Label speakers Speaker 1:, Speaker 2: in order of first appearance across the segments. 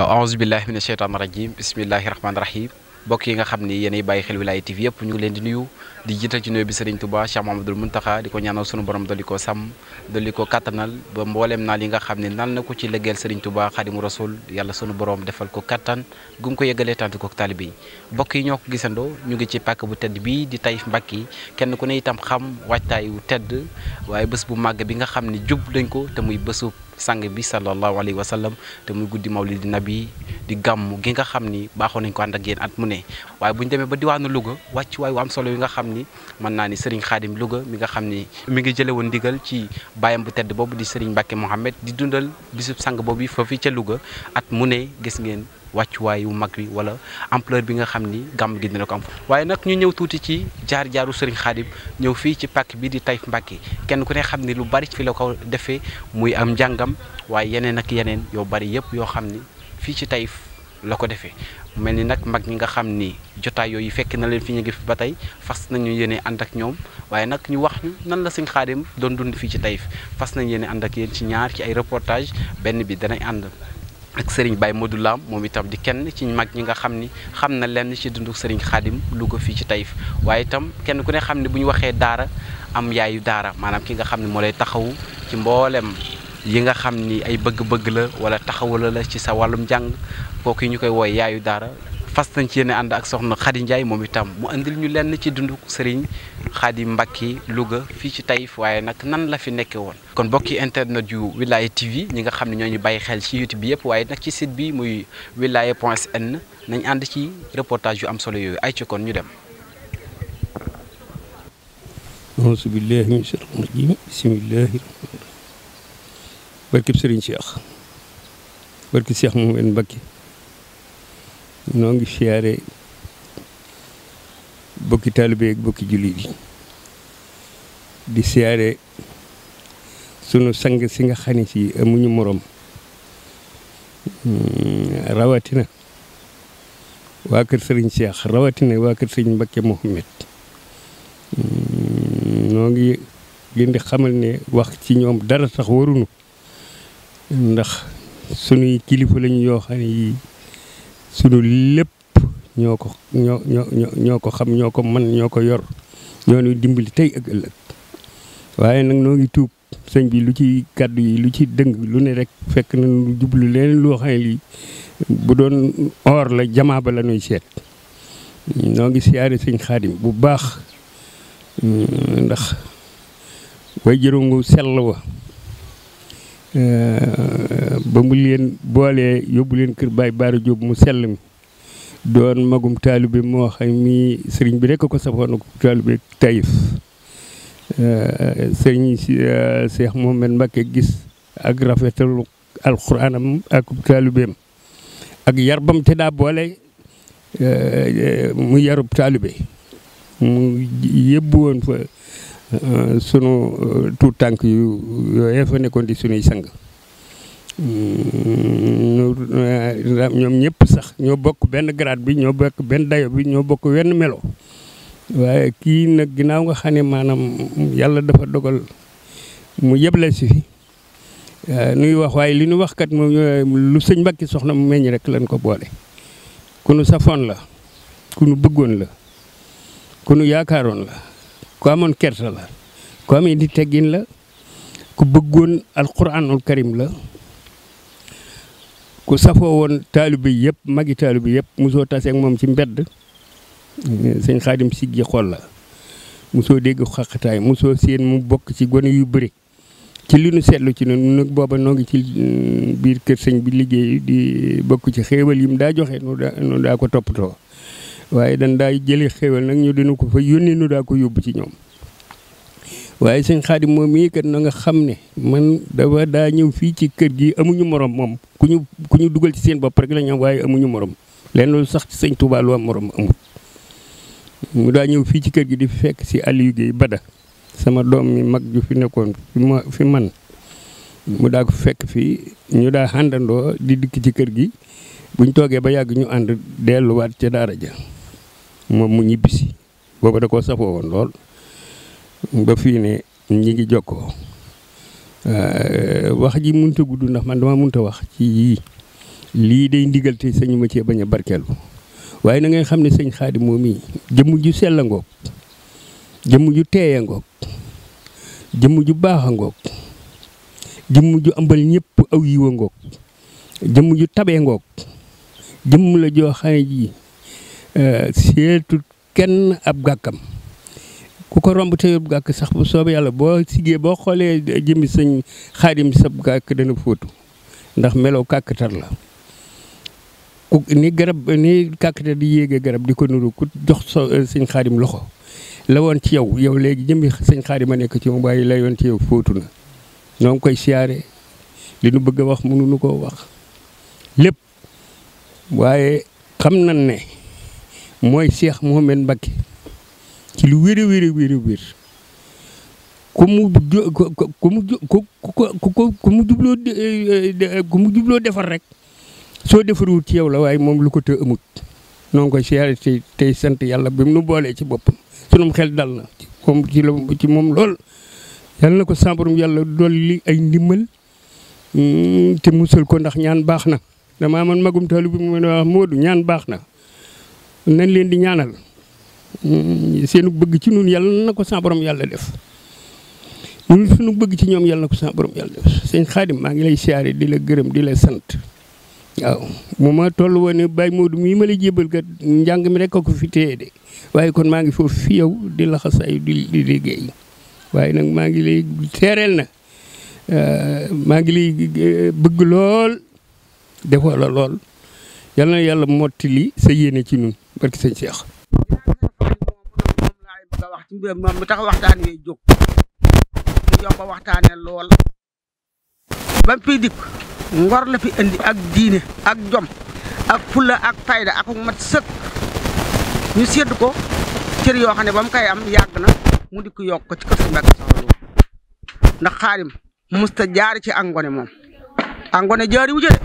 Speaker 1: aousubillahi mina sheytaan rajim bismillahi rahmaani rahim bokk yi nga xam ni yéenay bàyyi xel Wilaya TV yëpp ñu ngi leen di nuyu di jiital ci nuyu bi Serigne Touba Cheikh Mamadou Mountakha di ko ñaanal sunu borom dolli ko sàmm dolli ko kattanal ba mbooleem naa li nga xam ne nal na ko ci liggéeyal Serigne Touba Xaadimu Rasul yàlla sunu boroom defal ko kattan gu mu ko yëgalee tànt ko taalibe yi bokk yi ñoo ko gisandoo ñu ngi ci pàkk bu tedd bii di Taif Mbacké kenn ku ne itam xam waajtaay wu tedd waaye bés bu màgg bi nga xam ne jub dañ ko te muy bésu sang bi sallallahu alayhi wa sallam te muy guddi mawlidi nabi di gàmm gi nga xam ni baaxoon nañ ko ànd ak yéen at mu ne waaye bu ñu demee ba diwaanu Louga wàcc waay wu am solo yi nga xam ni mën naa ni Serigne Khadim Louga mi nga xam ni mi ngi jële woon diggal ci bàyyam bu tedd boobu di Serigne Mbacke Mohamed di dundal bisub sang boobu foofu ca Louga at mu ne gis ngeen wàccuwaay wu mag wi wala empleur bi nga xam ni gàmb gi dina ko am waaye nag ñu ñëw tuuti ci jaar jaaru Serigne Khadim ñëw fii ci pàkk bi di Taïf Mbacké kenn ku ne xam ni lu bari fi la ko defee muy am njàngam waaye yeneen ak yeneen yoo bari yëpp yoo xam ni fii ci Taïf la ko defee mel ni nag mag ñi nga xam ni jotaay yooyu fekk na leen fi ñu ngi fi ba tey fas nañu yéene ànd ak ñoom waaye nag ñu wax ñu nan la Serigne Khadim doon dund fii ci Taïf fas nañ yéene ànd yéen ci ñaar ci ay reportage benn bi danay ànd ak Serigne Baye Modou moom itam di kenn ci mag ñi nga xam ni xam na lenn ci dundu Serigne Khadim lu ko fii ci Taïf waaye itam kenn ku ne xam ne bu ñu waxee daara am yaayu daara maanaam ki nga xam ne moo lay taxawu ci mbooleem yi nga xam ni ay bëgg-bëgg la wala taxawu la la ci sa wàllum njàng kooku yi ñu koy wooy yaayu daara fas nañ ci yéene ànd ak soxna Khady Ndiaye moom itam mu andil ñu lenn ci dundu Serigne Khady Mbacké Louga fii ci Taïf waaye nag nan la fi nekkee woon. kon mbokki internet yu Wilaya TV ñi nga xam ne ñoo ñu bàyyi xel ci YouTube bi yëpp waaye nag ci site bi muy wilaya point sn nañ ànd ci reportage yu am solo yooyu ay ci kon ñu dem.
Speaker 2: auzu billaahi mina shaytaani rajiim bismillaahi rahmaani noo ngi siyaare bokki taalibe ak bokki jullit di siyaare sunu sang si nga xam ne si amuñu moroom hmm, rawatina waa kër sëriñ Cheikh rawatina waa kër sëriñ Mbakke Mohamed hmm, noo ngi leen di xamal ne wax ci ñoom dara sax warunu ndax sunuy kilifa lañu yoo xam sunu lépp ñoo ko xam ñoo ko man ñoo ko yor ñoo ñuy dimbali tey ak ëllëg waaye nag noo ngi tuub sëñ bi lu ci kàddu yi lu ci dëng lu ne rek fekk na lu jublu leneen loo xam ne bu doon or la jamaa ba la ñuy seet noo ngi siyaare sëñ xaadim bu baax ndax way jërongu sell wa Euh, ba mu leen boolee yóbbu leen kër Baye Baara mu sell mi doon magum taalibe moo xam ni sëriñ bi rekk ko safoon ak taalibe Taïf euh, sëriñ euh, Cheikh Mouhamed Mbacke gis ak rafetalu alxuraanam ak taalibeem ak yarbam te daa boole mu yarub taalibe mu yëbbu woon fa Euh, sunu euh, tuut tànk yu yooyee fa nekkoon di sunuy sang mm, euh, ñoom ñëpp sax ñoo bokk benn grade bi ñoo bokk benn dayo bi ñoo bokk wenn melo waaye kii nag ginnaaw nga xam ne maanaam yàlla dafa dogal mu yeble si fi nuy wax waaye li ñu wax kat lu sëñ Mbàkke soxna mu meññ rek lañ ko boole ku nu safoon la ku nu bëggoon la ku yaakaaroon la ku amoon kersa la ku amee di teggin la ku bëggoon alquranul karim la ku safoo woon taalibe yëpp magi taalibe yëpp mosoo taseeg moom ci mbedd sëñ xaadim siggi xool la musoo dégg xaqataay musoo seen mu bokk ci gone yu bëri ci li nu seetlu ci noonu nag booba noo ci mm, biir kër sëñ bi liggéey di bokk ci xéewal yi mu daa joxe nu daa ko toppatoo waaye dañ daa jële xéewal nag ñu dina ko fa yónni nu daa ko yóbbu ci ñoom waaye sëñ Xaadim moom mii kat na nga xam ne man dafa daa ñëw fii ci kër gi amuñu moroom moom ku ñu ku ñu dugal ci seen bopp rek la ñu waaye amuñu moroom lenn lu sax ci sëñ Touba lu am morom amul. mu daa ñëw fii ci kër gi di fekk si Aliou Guèye sama doom mi mag ju fi nekkoon fi fi man mu daa fekk fii ñu daa àndandoo di dikk ci kër gi buñ toogee ba yàgg ñu ànd delluwaat ca daara ja moom mu ñibbisi booba da koo safoo woon lool. ba fii ne ñi ngi jokkoo eh, wax ji mënta gudd ndax man dama mënta wax ci yii lii day ndigal te sañu ma barkeelu waaye na ngay xam ne sëñ Xaadim moom mii jëmm ju sell ngoog jëmm ju teey ngoog jëmm ju baax a ngoog jëmm ju ambal ñépp aw yiw ngoog jëmm ju tabee ngoog jëmm la joo xam ji eh, seetu kenn ab gàkkam ku ko romb te yóbbu gàkk sax bu yàlla boo siggee boo xoolee jëmmi sëñ xaadim sab gàkk dana fóotu ndax melow kàkkatar la ku ni garab ni kàkkatar di yéegee garab di ko nuru ku jox so eh, sëñ xaadim loxo la woon ci yow yow léegi jëmmi sëñ xaadim a nekk ci moom waaye la yoon ci yow fóotu na noo ngi koy siyaare li nu bëgg a wax mënuñu koo wax lépp waaye xam nañ ne mooy Cheikh Mouhamed Mbacké ci lu wér a wér a wér a wér ku mu jubloo ku jubloo defar rek soo defarul ci yow la waaye moom lu ko të amut noo ngi koy siyaare tey sant yàlla bi mu nu boolee ci boppam sunum xel dal na moom ci moom lool yàlla na ko sàmbarum yàlla dolli ay ndimbal mm, te musal ko ndax ñaan baax na damaa man magum taalu bi mu ne wax Moodu ñaan baax na nañ leen di ñaanal Mm, seen bëgg ci ñun yàlla na ko sa yàlla def ñun sunu bëgg ci ñoom yàlla na ko sa borom yàlla def sëñ Xaadim maa ngi lay siyaare di la gërëm di la sant waaw bu ma toll woon ne Baye Modou mii ma la jébal kat njàng mi rek a ko fi téye de waaye kon maa ngi foofu fi yow di la xasaay di di liggéey waaye nag maa ngi lay teereel na euh, maa ngi lay euh, bëgg lool defoo la lool yal na yàlla motti li sa yéene ci ñun barki sëñ Cheikh
Speaker 3: moom mu tax waxtaan wi jóg mu yomb a waxtaanee lool ba mu fiy dikk ngor la fi indi ak diine ak jom ak fulla ak fayda ak mat sëkk ñu sédd ko cër yoo xam ne ba mu koy am yàgg na mu dikk yokk ko ci kër si Mbàkke Soxna Lo ndax xaarim ci angone moom angone jaari wu ci de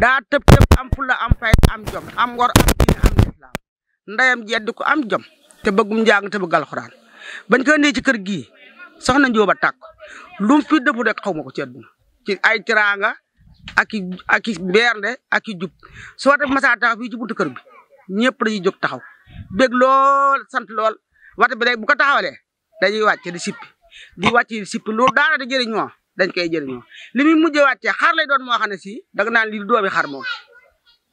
Speaker 3: daa tëb tëb am fulla am fayda am jom am ngor am diine am lislaam ndeyam jedd ko am jom te bëggum njàng te bëgg alxuraan bañ ko indee ci kër gii soxna Njóoba tàkk lu mu fi dëfu de xaw ma ko ci àdduna ci ay tiraanga ak i ak i ak i jub soo def masaa taxaw fii ci buntu kër bi ñëpp dañuy jóg taxaw bég lool sant lool waxtu bi day bu ko taxawalee dañuy wàcce di sippi di wàcce di sippi loolu daana di jëriñoo dañ koy jëriñoo li muy mujjee wàccee xar lay doon moo xam ne si danga naan lii doomi xar moo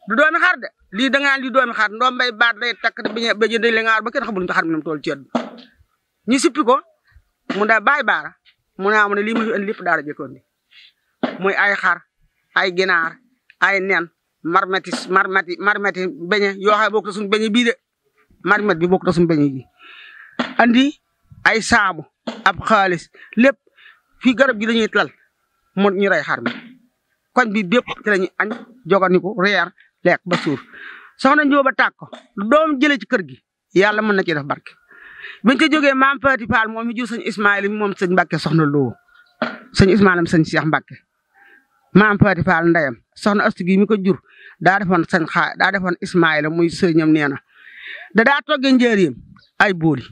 Speaker 3: du doomi xar de lii danga naan lii doomi xar ndoom bay baat day takk ba jëndee ba kenn xamul ñu xar mi tool ci ñu sippi ko mu daal bàyyi baara mu ne ah, mu lii ma lépp daara jëkkoon di muy ay xar ay ginaar ay nen marmati marmati marmati beñe yoo xam ne bokk na suñu beñe bii de marmet bi bokk na suñu beñe ji andi ay saabu ab xaalis lépp fii garab gi dañuy tlal mu ñu rey xar mi koñ bi bépp ci lañuy añ joganiku reer lekk ba suur soxna Njóoba tàkk ko doom jëlee ci kër gi yàlla mën na ci def barke bañ ca jógee maam Faati Fall moom mi jur sëñ Ismaïla moom sañ Mbacke soxna Lo sëñ Ismaïla sëñ Cheikh Mbacke maam Faati Fall ndeyam soxna Astu gi mi ko jur daa defoon sëñ xaa daa defoon Ismaïla muy sëñam nee na da daa toggee njëriñam ay booli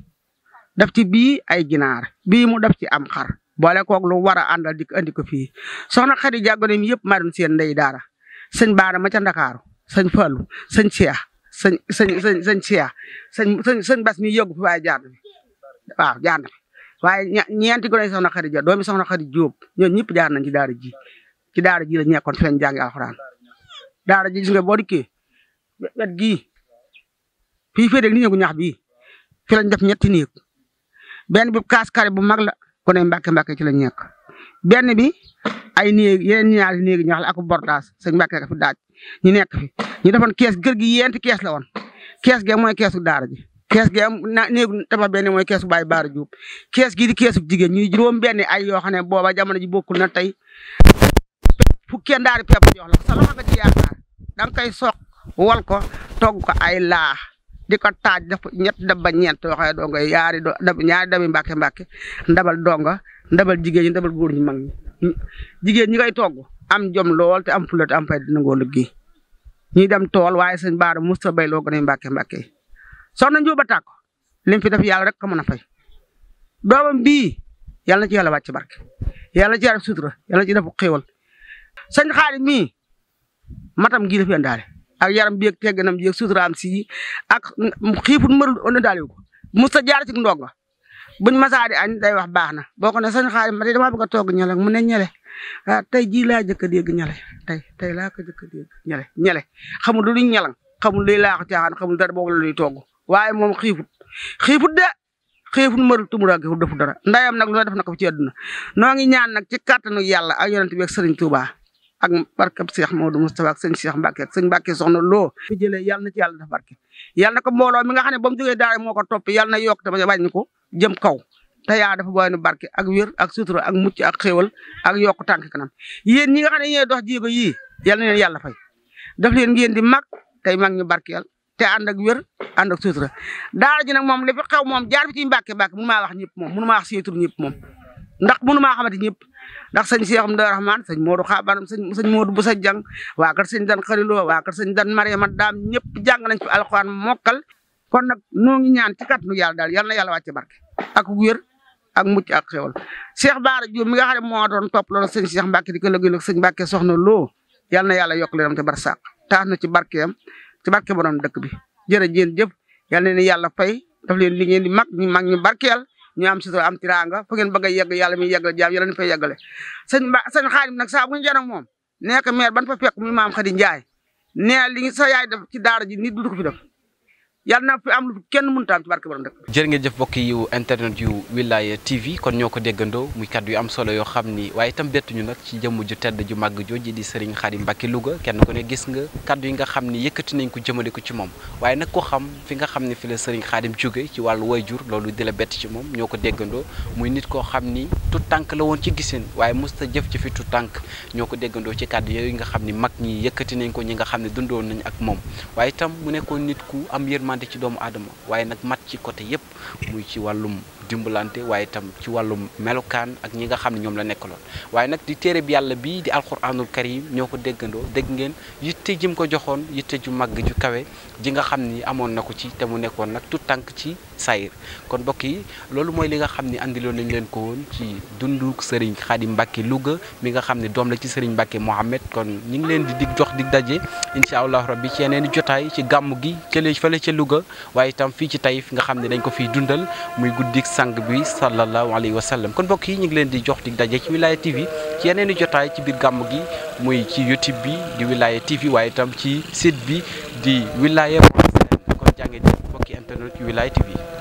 Speaker 3: daf ci bii ay ginaar bii mu daf ci am xar boole koog lu war a àndal di ko ko fii soxna Xadi Jàggoneem yëpp ma seen ndey daara sëñ Baara ma ca Ndakaaru sëñ Fallu sëñ sëñ sëñ sëñ sëñ Cheikh sëñ sëñ sëñ Bass mi yóbbu fi waaye jaar na waaw jaar na waaye ñeenti gone soxna Xadi Ja doomi soxna Xadi Jóob ñoom ñëpp jaar nañ ci daara ji ci daara ji la ñu nekkoon fi lañ jàngi alxuraan daara ji gis nga boo dikkee wet gii fii fii rek ni ñëgu ñax bii fi lañ def ñetti néeg benn bi kaas kare bu mag la gone Mbàkke Mbàkke ci lañ nekk benn bi ay néeg yeneen ñaari néeg ñoo xam ne ak bordaas sëñ Mbàkke ka fi daaj ñu nekk fi ñu defoon kees kër gi yéenti kees la woon kees ge mooy keesu daara ji kees gi am na néegu tabax benn mooy keesu Baay Baara Juub kees gi di keesu jigéen ñi juróom benn ay yoo xam ne booba jamono ji bokkul na tey fukkeen daari pepp jox la sa loxo nga ci yaakaar da nga koy soq ko togg ko ay laax di ko taaj def ñett dab ba ñeent waxee yaari do dab ñaari dabi mbàkke mbàkke ndabal donga ndabal jigéen ñi ndabal góor ñi mag ñi jigéen ñi koy togg am jom lool te am fulla te am fay dina ngoo liggéey ñuy dem tool waaye sëñ baara musta bay loo gën a mbàkke mbàkke yi soxna njóoba tàkko lim fi def yàlla rek ko mën a fay doomam bii yàlla na ci yàlla wàcc barke yàlla na ci yàlla sutura yàlla na ci def xéewal sëñ xaari mii ak yaram bi ak tegganam bi ak suturaam si ak xiifut mërul on daal ko mos a jaar ci ndongo buñ masaadi añ day wax baax na boo ko ne sañ xaar ma dama bëgg a togg ñale mu ne ñale ah tey jii laa jëkk a dégg ñale tey tey laa ko jëkk a dégg ñale ñale xamul lu ñuy ñalang xamul luy laaxu caaxaan xamul dara boobu la ñuy togg waaye moom xiifut xiifut de xiifut mërul tumuraag fu defu dara ndayam nag lu ne def na ko ci àdduna noo ngi ñaan nag ci kàttanu yàlla ak yonent bi ak Sëriñ Tuubaa ak barkab Cheikh Modou Moustapha ak sëñ Cheikh Mbacke ak na Mbacke soxna loo fi jëlee yàlla na ci yàlla def barke yàlla na ko mbooloo mi nga xam ne ba mu jógee daara ko topp yàlla na yokk tamit wàññi ko jëm kaw te barke ak wér ak sutura ak mucc ak xéewal ak yokk tànk kanam yéen ñi nga xam ne ñooy dox jéego yii yàlla na leen yàlla fay daf leen ngeen di mag tey mag ñu yal te ànd ak wér ànd ak sutura daara ji nag moom li fi xew moom jaar fi ci Mbacke Mbacke mënu maa wax ñëpp moom mënu ma wax seetur ñëpp moom ndax mënu ndax sëñ Cheikh Abdou Rahman sëñ Modou Xabaram sëñ sëñ Modou Boussa Jàng waa kër sëñ Dan Xaliloo waa kër sëñ Dan Mariama Daam ñëpp jàng nañ fi alxuraan mokkal kon noo ñaan ci kàttanu yàlla daal yal na yàlla wàcce barke ak wér ak mucc ak xewal Cheikh Baara Diop mi nga xam ne moo doon topp loolu sëñ Cheikh Mbacke di ko lëggee nag sëñ Mbacke soxna loo yal na a yokk leen am te barsàq tax na ci barkeem ci barke borom dëkk bi jërëjëf a na yàlla fay daf leen li di mag ñu mag ñu ñaam am sutura am tiranga fu ngeen bëgg a yegg yàlla mi yegg la jaam yàlla ñu fay yeggale sëñ ba sëñ Xaadim nag saa bu moom jënoon moom nekk ba ban fa fekk muy maam Xadi Njaay nee li sa yaay def ci daara ji nit du ko fi def yàlla na fi am lu kenn mënut am ci barke borom dëkk
Speaker 1: jërë ngeen jëf mbokk yi kon ñoo ko déggandoo muy kàddu yu am solo yoo xam ni waaye itam bettuñu nag ci jëmm ju tedd ju màgg jooji di Serigne Khadim Mbacké Louga kenn ku ne gis nga kàddu yi nga xam ni yëkkati nañ ko jëmale ko ci moom waaye nag ko xam fi nga xam ne fi la Serigne Khadim jóge ci wàllu wayjur loolu di la bett ci moom ñoo ko déggandoo muy nit koo xam ni tut tànk la woon ci giseen waaye musta jëf ci fi tànk ñoo ko déggandoo ci kàddu yooyu nga xam ni mag ñi yëkkati nañ ko ñi nga xam ne dundoon nañ ak moom waaye itam mu nekkoon nit ku am yërmande yërmande ci doomu aadama waaye nag mat ci côté yépp muy ci wàllum dimbalante waaye itam ci wàllum melukaan ak ñi nga xam ne ñoom la nekkaloon waaye nag di téere bi yàlla bii di alxuraanul karim ñoo ko déggandoo dégg ngeen yitte ji mu ko joxoon yitte ju màgg ju kawe ji nga xam ni amoon na ko ci te mu nekkoon nag tout tànk ci sayir kon mbokk yi loolu mooy li nga xam ne andiloon nañ leen ko woon ci dunduk sëriñ Xaadim Mbàkke luga mi nga xam ne doom la ci sëriñ Mbàkke Mohamed kon ñi ngi leen di dig jox dig daje incha allah rabbi ci yeneen jotaay ci gàmm gi cële fële xam dañ ko fiy sang bi sallallahu alayhi wa sallam kon mbokk yi ñu ngi leen di jox di daje ci Wilaya TV ci yeneen i jotaay ci biir gàmm gi muy ci YouTube bi di Wilaya TV waaye itam ci site bi di Wilaya kon jàngee di mbokki internet yu Wilaya TV.